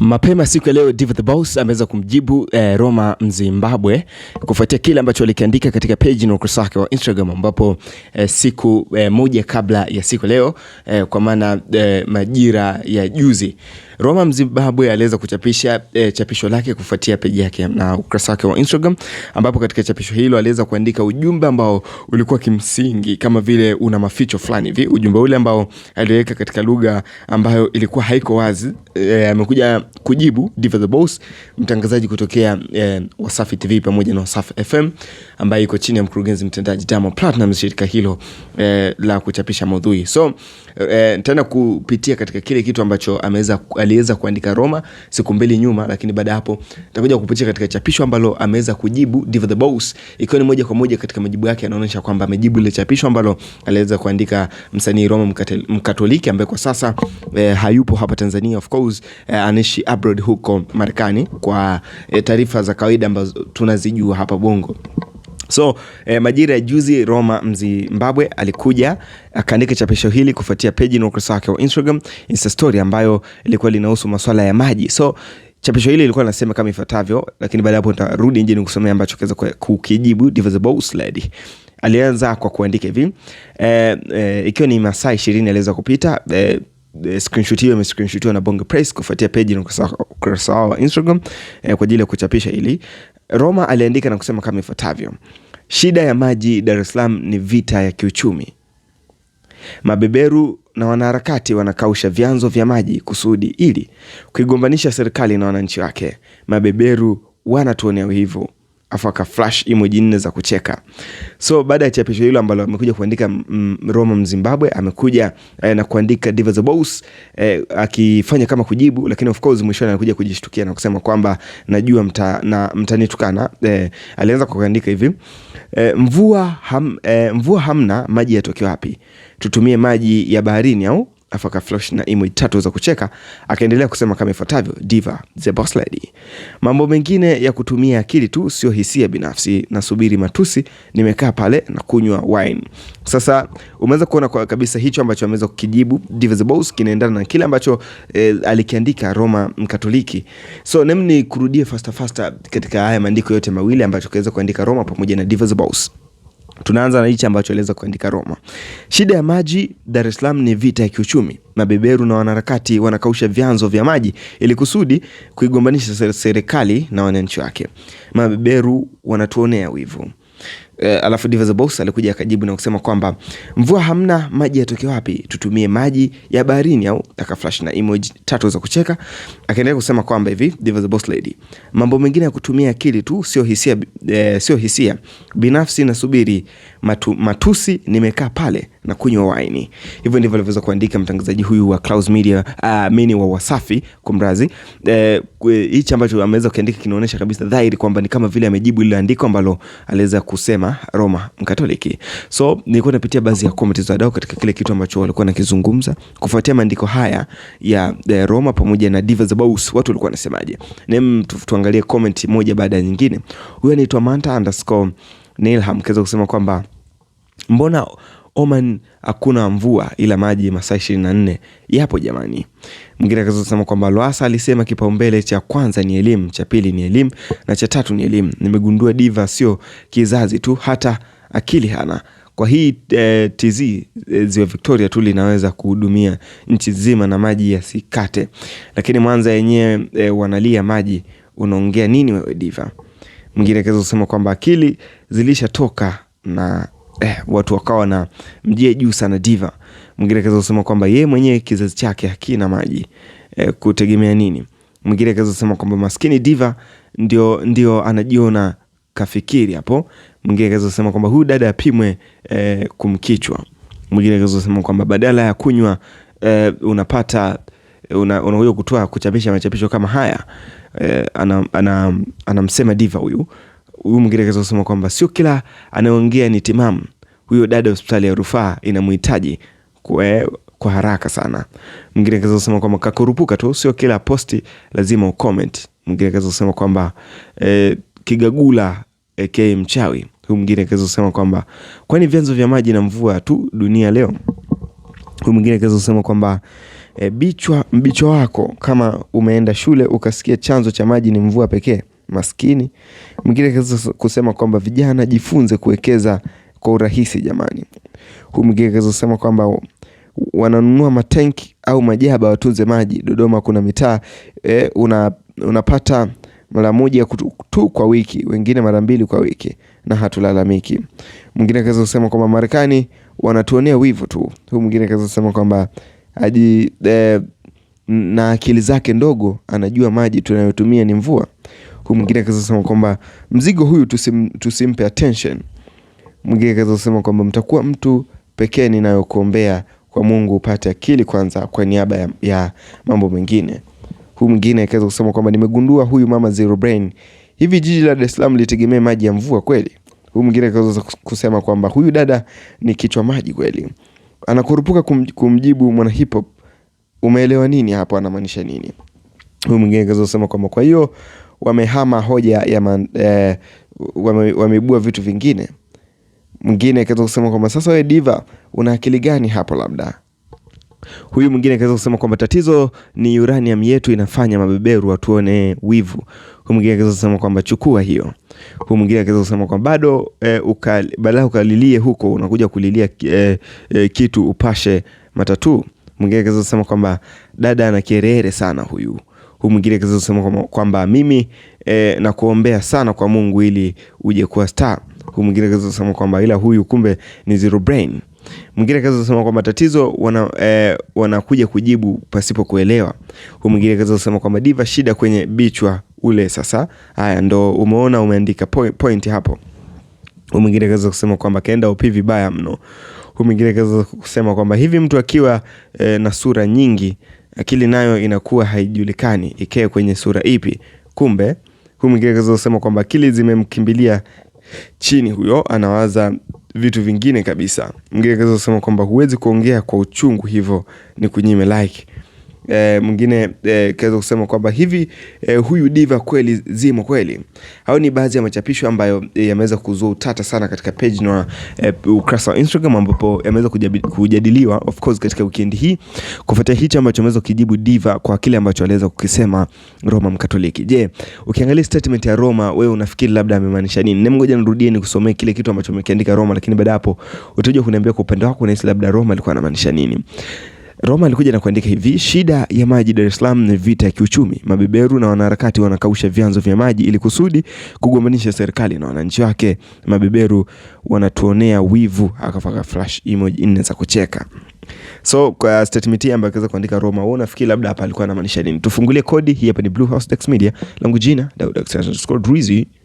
Mapema siku ya leo Diva the Boss ameweza kumjibu eh, Roma Mzimbabwe kufuatia kile ambacho alikiandika katika page na ukurasa wake wa Instagram ambapo eh, siku eh, moja kabla ya siku leo eh, kwa maana eh, majira ya juzi Roma Mzimbabwe aliweza kuchapisha e, chapisho lake kufuatia peji yake na ukurasa wake wa Instagram, ambapo katika chapisho hilo aliweza kuandika ujumbe ambao ulikuwa kimsingi kama vile una maficho fulani hivi. Ujumbe ule ambao aliweka katika lugha ambayo ilikuwa haiko wazi eh, amekuja e, kujibu Diva the Boss, mtangazaji kutokea e, Wasafi TV pamoja na Wasafi FM ambaye iko chini ya mkurugenzi mtendaji Diamond Platnumz, shirika hilo e, la kuchapisha maudhui. So e, nitaenda kupitia katika kile kitu ambacho ameweza aliweza kuandika Roma siku mbili nyuma, lakini baada hapo nitakuja kupitia katika chapisho ambalo ameweza kujibu Diva the Boss, ikiwa ni moja kwa moja katika majibu yake anaonyesha kwamba amejibu ile chapisho ambalo aliweza kuandika msanii Roma Mkatoliki ambaye kwa sasa eh, hayupo hapa Tanzania of course, eh, anaishi abroad huko Marekani, kwa eh, taarifa za kawaida ambazo tunazijua hapa Bongo. So eh, majira ya juzi Roma Mzimbabwe alikuja akaandika chapisho hili kufuatia peji na ukurasa wake wa Instagram Insta story ambayo ilikuwa linahusu masuala ya maji. So chapisho hili ilikuwa nasema kama ifuatavyo, lakini baada ya hapo nitarudi nje nikusomea ambacho kaweza kukijibu Boss Lady. Alianza kwa kuandika hivi e, e, ikiwa ni masaa ishirini aliweza kupita e, e, screenshot hiyo imescreenshotiwa na Bonge Press kufuatia page na ukurasa wao wa Instagram e, kwa ajili ya kuchapisha hili Roma aliandika na kusema kama ifuatavyo: shida ya maji Dar es Salaam ni vita ya kiuchumi. Mabeberu na wanaharakati wanakausha vyanzo vya maji kusudi ili kuigombanisha serikali na wananchi wake. Mabeberu wanatuonea wivu afu aka flash emoji nne za kucheka. So baada ya chapisho hilo ambalo amekuja kuandika mm, Roma Mzimbabwe amekuja eh, na kuandika Diva the Boss eh, akifanya kama kujibu, lakini of course mwishoni anakuja kujishtukia na kusema kwamba najua mta, na mtanitukana. Eh, alianza kwa kuandika hivi eh, mvua, ham, eh, mvua hamna maji yatoke wapi? Tutumie maji ya baharini au afu akaflash na emo tatu za kucheka, akaendelea kusema kama ifuatavyo: Diva the boss lady, mambo mengine ya kutumia akili tu, sio hisia binafsi. Nasubiri matusi, nimekaa pale na kunywa wine. Sasa umeweza kuona kwa kabisa hicho ambacho ameweza kukijibu Diva the boss kinaendana na kile ambacho eh, alikiandika Roma Mkatoliki. So nem ni kurudie faster faster katika haya maandiko yote mawili ambacho kaweza kuandika Roma pamoja na Diva the boss. Tunaanza na hichi ambacho aliweza kuandika Roma. Shida ya maji Dar es Salaam ni vita ya kiuchumi. Mabeberu na wanaharakati wanakausha vyanzo vya maji ili kusudi kuigombanisha serikali na wananchi wake. Mabeberu wanatuonea wivu e, alafu Divas Boss alikuja akajibu na kusema kwamba mvua hamna maji yatoke wapi, tutumie maji ya baharini au aka flash na emoji tatu za kucheka. Akaendelea kusema kwamba hivi Divas Boss Lady, mambo mengine ya kutumia akili tu sio hisia, eh, sio hisia binafsi. Nasubiri matu, matusi, nimekaa pale na kunywa waini. Hivyo ndivyo alivyoweza kuandika mtangazaji huyu wa Clouds Media, uh, mini wa Wasafi kumrazi. Eh, hichi eh, ambacho ameweza kuandika kinaonyesha kabisa dhahiri kwamba ni kama vile amejibu lile andiko ambalo aliweza kusema Roma Mkatoliki. So nilikuwa napitia baadhi ya comment za wadau katika kile kitu ambacho walikuwa nakizungumza kufuatia maandiko haya ya Roma pamoja na Diva watu walikuwa wanasemaje? Nem, tuangalie comment moja baada ya nyingine. Huyu anaitwa Manta underscore Nilham kaweza kusema kwamba mbona Oman hakuna mvua ila maji masaa ishirini na nne yapo jamani. Mwingine akazosema kwamba Loasa alisema kipaumbele cha kwanza ni elimu, cha pili ni elimu na cha tatu ni elimu. Nimegundua diva sio kizazi tu, hata akili hana. Kwa hii e, eh, TZ e, eh, ziwa Victoria tu linaweza kuhudumia nchi nzima na maji yasikate, lakini Mwanza yenyewe e, wanalia maji. Unaongea nini wewe diva? Mwingine akaweza kusema kwamba akili zilishatoka na eh, watu wakawa na mjie juu sana Diva. Mwingine akaweza kusema kwamba yeye mwenyewe kizazi chake hakina maji eh, kutegemea nini? Mwingine akaweza kusema kwamba maskini Diva ndio, ndio anajiona kafikiri hapo. Mwingine akaweza kusema kwamba huyu dada apimwe eh, kumkichwa. Mwingine akaweza kusema kwamba badala ya kunywa eh, unapata una, una huyo kutoa kuchapisha machapisho kama haya eh, anamsema ana, ana Diva huyu Huyu mwingine akaweza kusema kwamba sio kila anayeongea ni timamu, huyo dada hospitali ya rufaa inamhitaji kwa, eh, kwa haraka sana. Mwingine akaweza kusema kwamba kakurupuka tu, sio kila posti lazima ucomment. Mwingine akaweza kusema kwamba eh, Kigagula aka eh, mchawi. Huyu mwingine akaweza kusema kwamba kwani vyanzo vya maji na mvua tu dunia leo. Huyu mwingine akaweza kusema kwamba e, bichwa mbicho wako kama umeenda shule ukasikia chanzo cha maji ni mvua pekee maskini. Mwingine kaweza kusema kwamba vijana jifunze kuwekeza kwa urahisi jamani. Huyu mwingine kaweza kusema kwamba wananunua matenki au majaba watunze maji. Dodoma kuna mitaa e, una, unapata mara moja tu kwa wiki, wengine mara mbili kwa wiki na hatulalamiki. Mwingine kaweza kusema kwamba Marekani wanatuonea wivu tu. Huyu mwingine kaweza kusema kwamba aji e, na akili zake ndogo anajua maji tunayotumia ni mvua. Huyu mwingine akaweza sema kwamba mzigo huyu tusim, tusimpe attention. Mwingine akaweza sema kwamba mtakuwa mtu pekee ninayokuombea kwa Mungu upate akili kwanza kwa niaba ya, ya mambo mengine. Huyu mwingine akaweza kusema kwamba nimegundua huyu mama zero brain. Hivi jiji la Dar es Salaam litegemee maji ya mvua kweli? Huyu mwingine akaweza kusema kwamba huyu dada ni kichwa maji kweli. Anakurupuka kum, kumjibu mwana hip hop. Umeelewa nini hapo, anamaanisha nini? Huyu mwingine akaweza kusema kwamba kwa hiyo wamehama hoja ya man, eh, wame, wameibua vitu vingine. Mwingine akaweza kusema kwamba sasa wewe diva una akili gani hapo labda huyu mwingine akaweza kusema kwamba tatizo ni uranium yetu inafanya mabeberu watuone wivu. Huyu mwingine akaweza kusema kwamba chukua hiyo. Huyu mwingine akaweza kusema kwamba bado e, eh, ukali, badala ukalilie huko unakuja kulilia e, e, kitu upashe matatu. Mwingine akaweza kusema kwamba dada ana kiherehere sana huyu huyu mwingine kaza kusema kwamba mimi e, eh, na kuombea sana kwa Mungu ili uje kuwa star. Huyu mwingine kaza kusema kwamba ila huyu kumbe ni zero brain. Mwingine kaza kusema kwamba tatizo wana, e, wanakuja kujibu pasipo kuelewa. Huyu mwingine kaza kusema kwamba diva, shida kwenye bichwa ule. Sasa haya ndo umeona, umeandika point, point hapo. Huyu mwingine kaza kusema kwamba kaenda opi vibaya mno. Huyu mwingine kaza kusema kwamba hivi mtu akiwa e, na sura nyingi akili nayo inakuwa haijulikani ikae kwenye sura ipi. Kumbe huyu mwingine kaza kusema kwamba akili zimemkimbilia chini, huyo anawaza vitu vingine kabisa. Mwingine kaza kusema kwamba huwezi kuongea kwa uchungu, hivyo ni kunyime like eh, mwingine eh, kaweza kusema kwamba hivi eh, huyu diva kweli zimo kweli. Hayo ni baadhi ya machapisho ambayo eh, yameweza kuzua utata sana katika page na eh, ukurasa wa Instagram ambapo yameweza kujadiliwa of course katika weekend hii kufuatia hicho ambacho ameweza kujibu diva kwa kile ambacho aliweza kukisema Roma Mkatoliki. Je, ukiangalia statement ya Roma wewe unafikiri labda amemaanisha nini? Ni Ngoja nirudie nikusomee kile kitu ambacho amekiandika Roma, lakini baada hapo utakuja kuniambia kwa upande wako unahisi labda Roma alikuwa anamaanisha nini. Roma alikuja na kuandika hivi: shida ya maji Dar es Salaam ni vita ya kiuchumi. Mabeberu na wanaharakati wanakausha vyanzo vya maji ili kusudi kugombanisha serikali na wananchi wake. Mabeberu wanatuonea wivu. Akafaka flash emoji nne za kucheka. So kwa statement hii ambayo kuandika Roma, wewe unafikiri labda hapa alikuwa anamaanisha nini? Tufungulie kodi hii. Hapa ni Blue House Dax Media, langu jina Daud Dax_Druizi.